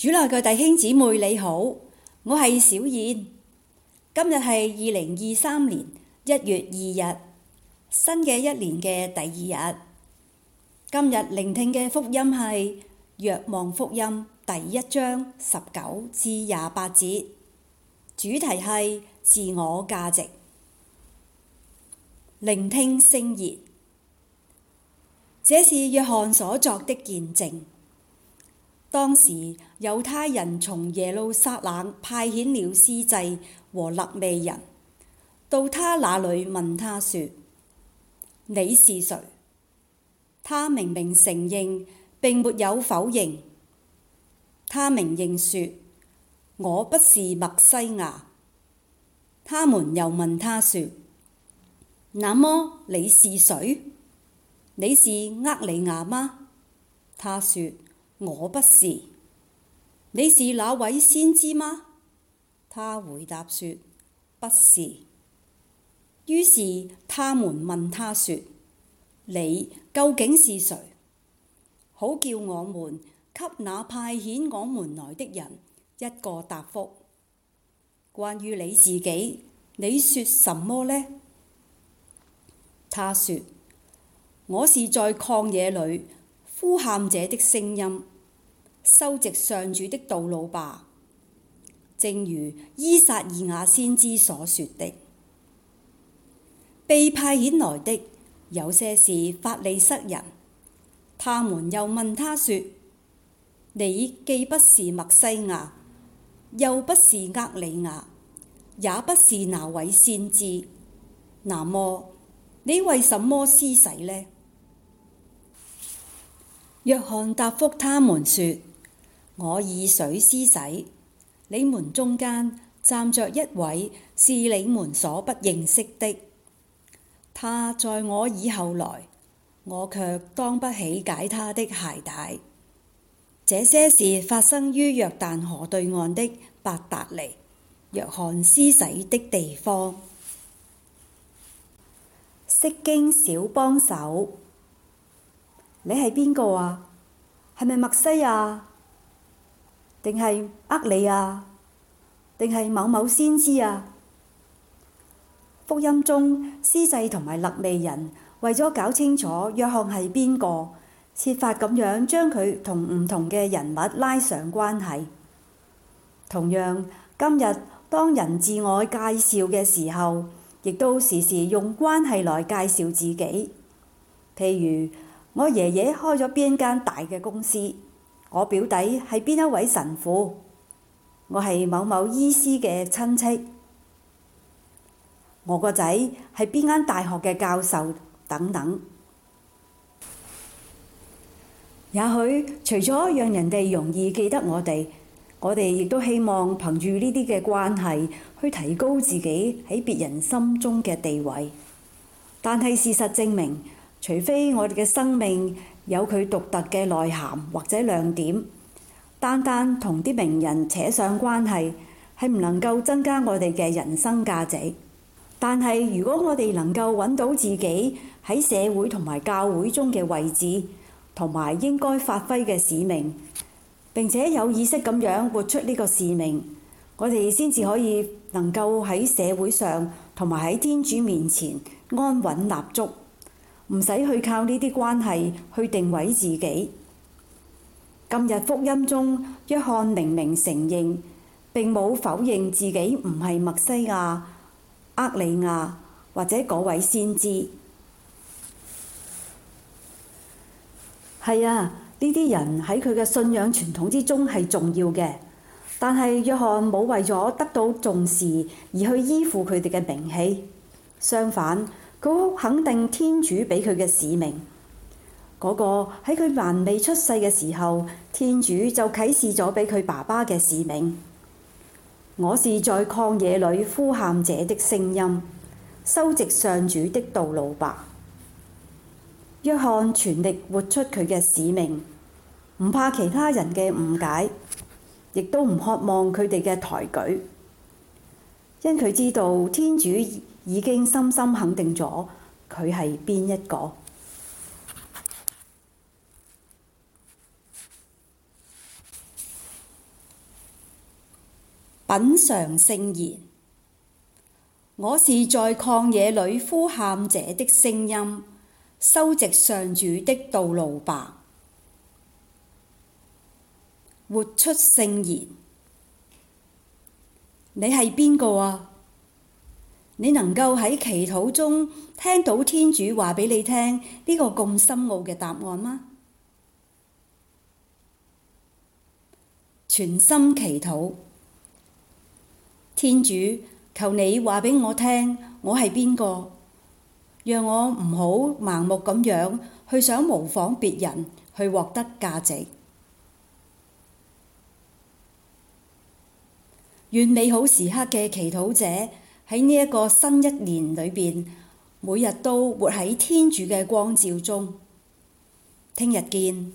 主內嘅弟兄姊妹，你好，我係小燕。今日係二零二三年一月二日，新嘅一年嘅第二日。今日聆聽嘅福音係《若望福音》第一章十九至廿八節，主題係自我價值。聆聽聖言，這是若翰所作的見證。當時，猶太人從耶路撒冷派遣了司祭和肋未人，到他那裏問他說：你是誰？他明明承認並沒有否認，他明認說，我不是默西亞。他們又問他說：那麼你是誰？你是厄里亞嗎？他說。我不是。你是那位先知嗎？他回答說，不是。於是他們問他說：“你究竟是誰？好叫我們給那派遣我們來的人一個答覆。關於你自己，你說什麼呢？他說：“我是在曠野裏。”呼喊者的聲音，修直上主的道路吧，正如依撒意亞先知所說的。被派遣來的有些是法利塞人，他們又問他說：你既不是默西亞，又不是厄里亞，也不是那位先知，那麼你為什麼施洗呢？若翰答覆他們說：我以水施洗，你們中間站着一位，是你們所不認識的，他在我以後來，我卻當不起解他的鞋帶。這些事發生於約但河對岸的伯達尼，若翰施洗的地方。釋經小幫手。你係邊個啊？係咪默西亞啊？定係厄里亞啊？定係某某先知啊？福音中，司祭同埋肋未人為咗搞清楚約翰係邊個，設法咁樣將佢同唔同嘅人物拉上關係。同樣，今日當人自我介紹嘅時候，亦都時時用關係來介紹自己，譬如。我爺爺開咗邊間大嘅公司，我表弟係邊一位神父，我係某某醫師嘅親戚，我個仔係邊間大學嘅教授等等。也許除咗讓人哋容易記得我哋，我哋亦都希望憑住呢啲嘅關係去提高自己喺別人心中嘅地位，但係事實證明。除非我哋嘅生命有佢獨特嘅內涵或者亮點，單單同啲名人扯上關係，係唔能夠增加我哋嘅人生價值。但係如果我哋能夠揾到自己喺社會同埋教會中嘅位置，同埋應該發揮嘅使命，並且有意識咁樣活出呢個使命，我哋先至可以能夠喺社會上同埋喺天主面前安穩立足。唔使去靠呢啲關係去定位自己。今日福音中，若翰明明承認並冇否認自己唔係默西亞、厄里亞或者嗰位先知。係 啊，呢啲人喺佢嘅信仰傳統之中係重要嘅，但係若翰冇為咗得到重視而去依附佢哋嘅名氣，相反。嗰個肯定天主俾佢嘅使命。嗰個喺佢還未出世嘅時候，天主就啟示咗俾佢爸爸嘅使命。我是在曠野裏呼喊者嘅聲音，修直上主的道路吧。若翰全力活出佢嘅使命，唔怕其他人嘅誤解，亦都唔渴望佢哋嘅抬舉，因佢知道天主，已經深深肯定咗佢係邊一個。品嚐聖言，我是在曠野裏呼喊者的聲音，修直上主的道路罷。活出聖言，你係邊個啊？你能夠喺祈禱中聽到天主話俾你聽呢個咁深奧嘅答案嗎？全心祈禱，天主，求祢話俾我聽，我係邊個？讓我唔好盲目咁樣去想模仿別人去獲得價值。願美好時刻嘅祈禱者。喺呢一個新一年裏邊，每日都活喺天主嘅光照中。聽日見。